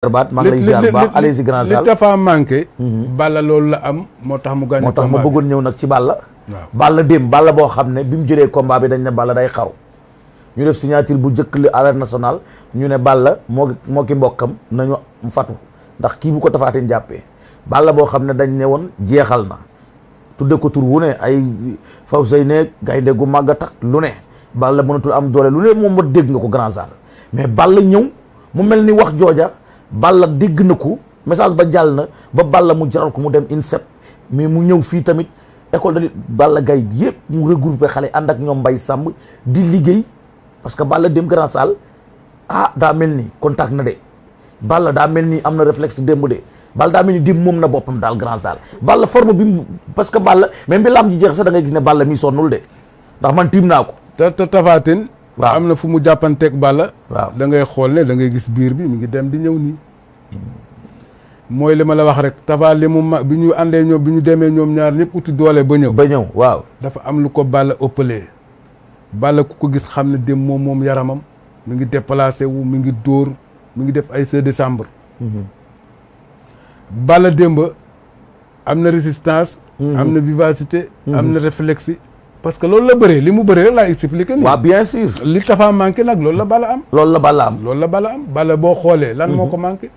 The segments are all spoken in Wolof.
Baat maa ngi ba allez li dafa manqué. Mhm. Balla loolu la am moo tax mu gagné. moo tax ma bëggoon ñëw nag ci Balla. waaw Balla démb Balla boo xam ne bi mu jëlee combat bi dañ ne Balla day xaru. ñu def signature bu njëkk li arène nationale ñu ne Balla moo moo ki mbokkam nañu fatu ndax kii bu ko tafaatin jàppee Balla boo xam ne dañ ne woon jeexal na. tudde ko tur wu ne ay faw say ne gaynde gu màgg a tax lu ne Balla mënatul am doole lu ne moom ma dégg nga ko grand zal mais Balla ñëw Balla dégg na ko message ba jàll na ba Balla mu jaral ko mu dem INSEP mais mu ñëw fii tamit école de Balla Gaye bi yëpp mu regroupé xale ànd ak ñoom mbay Samb di liggéey parce que Balla dem grand salle ah daa mel ni contact na de Balla daa mel ni am na réflexe démb de Balla daa mel ni démb moom na boppam daal grand salle Balla forme bi parce que Balla même laam ji jeex sax da ngay gis ne Balla mi sonnul de ndax man tiim naa ko. waaw am na fu mu jàppanteeg Balla. waaw da ngay xool ne da ngay gis biir bi mu ngi dem di ñëw nii. mooy li ma la wax rek Tapha li mu mag bi ñu àndee ñoom bi ñu demee ñoom ñaar ñëpp uti doole ba ñëw. ba ñëw waaw. dafa am lu ko Balla ëppalee. Balla ku ko gis xam ne dem moom moom yaramam mu ngi déplacé wu mi ngi dóor mi ngi def ay se décembre. Mhm. Balla démb am na résistance. Mhm. am na vivacité. Mhm. am na réflexe. parce que loolu la bëree li mu bëree rek laa expliqué nii waaw bien sûr li tafaa manqué nag loolu la bala am loolu la bala am loolu la bala am bala boo xoolee lan moo mhm. ko manqué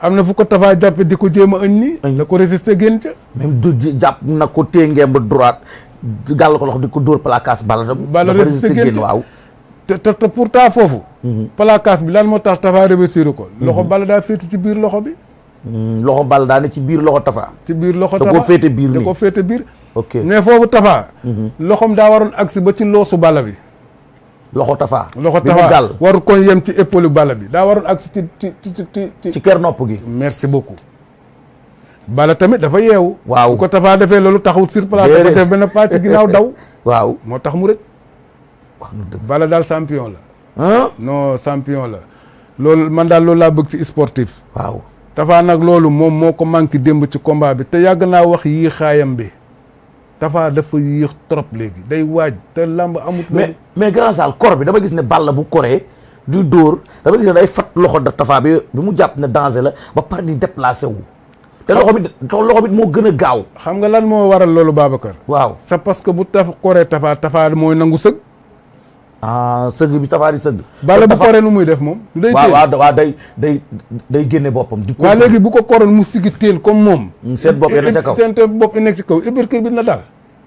am na fu ko tafaa jàppe di ko jéem a añ nii na ko résister génn ca même du jàpp na ko téengee ba droite gàll ko loxo di ko dóor placage bala tam bala résister génn waaw te te pourtant foofu mhm. placage bi lan moo tax tafaa réussir ko mhm. loxo bala daa féete ci biir loxo bi loxo bala daa ne ci biir loxo tafaa ci biir loxo tafaa da koo féete biir da koo féete biir ok mais foofu Tafa. Mhm. loxoom daa waroon agsi ba ci loosu bala bi. loxo Tafa. loxo Tafa waru ko yem ci épaule bala bi daa waroon agsi ci ci ci ci. kër nopp gi. merci beaucoup. bala tamit dafa yeewu. waaw ko defee loolu taxaw sur place. dafa def benn pas ci daw. waaw moo tax mu rëcc. bala daal champion la. non champion la. loolu man daal loolu laa bëgg ci sportif. waaw Tafa nag loolu moom moo ko manqué démb ci combat bi te yàgg naa wax yii bi. Tafa dafa yéex trop léegi day waaj te lamb amut. mais mais grand salle kor bi dama gis ne Balla bu koree du dóor dama ne day fat loxo da Tafa bi mu jàpp ne danger la ba pare di wu. te loxo bi loxo bi moo gën a gaaw. xam nga lan moo waral loolu Babacar. waaw c'est parce que bu taf koree Tafa Tafa mooy nangu sëg. ah sëgg bi tafaari sëgg. bala bu koree nu muy def moom. du day waaw waaw waaw day day day génne boppam. di ko waaw léegi bu ko koroon mu sigi teel comme moom. Mm, seen bopp yéen a ca kaw seen bopp nekk ci kaw uppercut bi na daal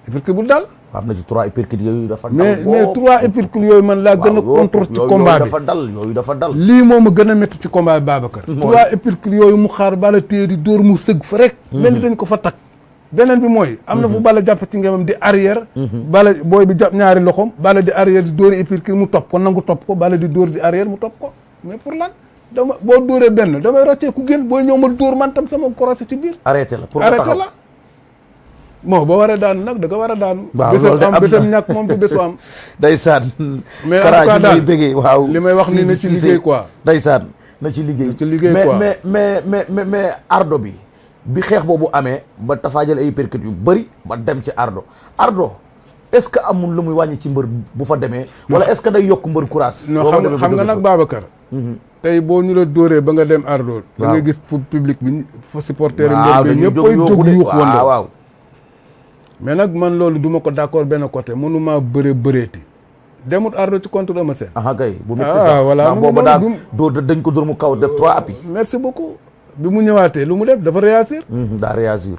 uppercut bu daal. am na ci trois uppercut yooyu dafa dal. mais mais yooyu man laa gën a contre ci combat bi dafa dal yooyu dafa dal. lii moom ma gën a métti ci combat bi Babacar. trois uppercut yooyu mu xaar bala téye di dóor mu sëgg fa rek. Mm-hmm. mel ni dañ ko fa takk. beneen bi mooy am na fu Balla jàpp ci ngemam di arrière Balla booy bi jàpp ñaari loxom Balla di arrière di dóori épirki mu topp ko nangu topp ko Balla di dóor di arrière mu topp ko mais pour lan dama boo dóoree benn damay roccee ku génn booy ñëw ma dóor man sama croisé ci biir arrêté la pour arrêté la bon boo waree daanu nag da war a daanu bésam am bésam ñàkk moom du bésu am ndeysaan mais karaaj daal bégee waaw li may wax ni na ci liggéey quoi ndeysaan na liggéey ci liggéey quoi mais mais mais mais ardo bi bi xeex boobu amee ba tafaajal ay percute yu bëri ba dem ci ardo ardo est-ce que amul lu muy wàññi ci mbër bu fa demee wala est-ce que day yokk mbër courage non xam nga nag Babacar mhm. tey boo ñu la dóoree ba nga dem ardo da ngay gis public bi supporter mbër bi ñëpp koy jóg yuux wanda waaw mais nag man loolu duma ma ko d'accord benn côté mënuma bëre bëreeti demut ardo ci contre Eumeu Sène ah kay bu métti ah, sax voilà booba daal dañ ko dóor mu kaw def trois appuis merci beaucoup bi mu ñëwaatee lu mu def dafa réagir. Mhm,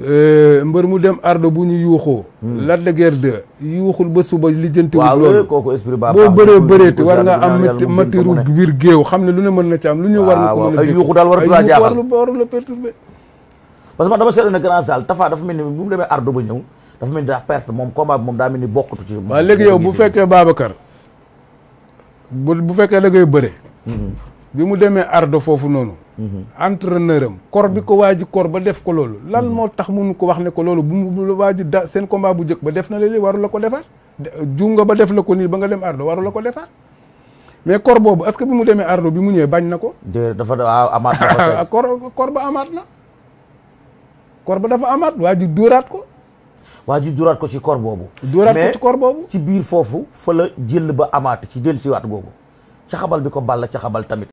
euh, mbër mu dem ardo bu ñu yuuxoo. Mhm. Lac de Guiers 2 yuuxul ba suba li jëntiwul loolu boo bëree bëreeti war nga am matiru biir géew xam ne lu ne mën na ci am lu ñëw war nga ah, ko mën a yuuxu daal war ay yuuxu war la perturbé parce que man dama seetlu ne grand salle Tafa dafa mel ni bu mu demee ardo ba ñëw dafa mel ni daa perte moom combat bi moom daa mel ni bokkatu ci waaw léegi yow bu fekkee Babacar bu bu fekkee da ngay bi mu demee ardo foofu noonu mhm. entraîneur am kor bi ko waa ji kor ba def ko loolu lan mhm. moo tax mënu ko wax ne ko loolu bu mu waa ji da seen combat bu njëkk ba def na la lii waru la ko defaat junga ba def la ko nii ba nga dem ardo waru la ko defaat mais kor boobu est que bi mu demee ardo bi mu ñëwee bañ na ko dafa ah, amaat na kor kor ba amaat na kor ba dafa amaat waa ji dóoraat ko waa ji dóoraat ko si kor boobu dóoraat ko ci kor boobu ci biir foofu fa la jël ba amaat ci del ci waat boobu caxabal bi ko balla caxabal tamit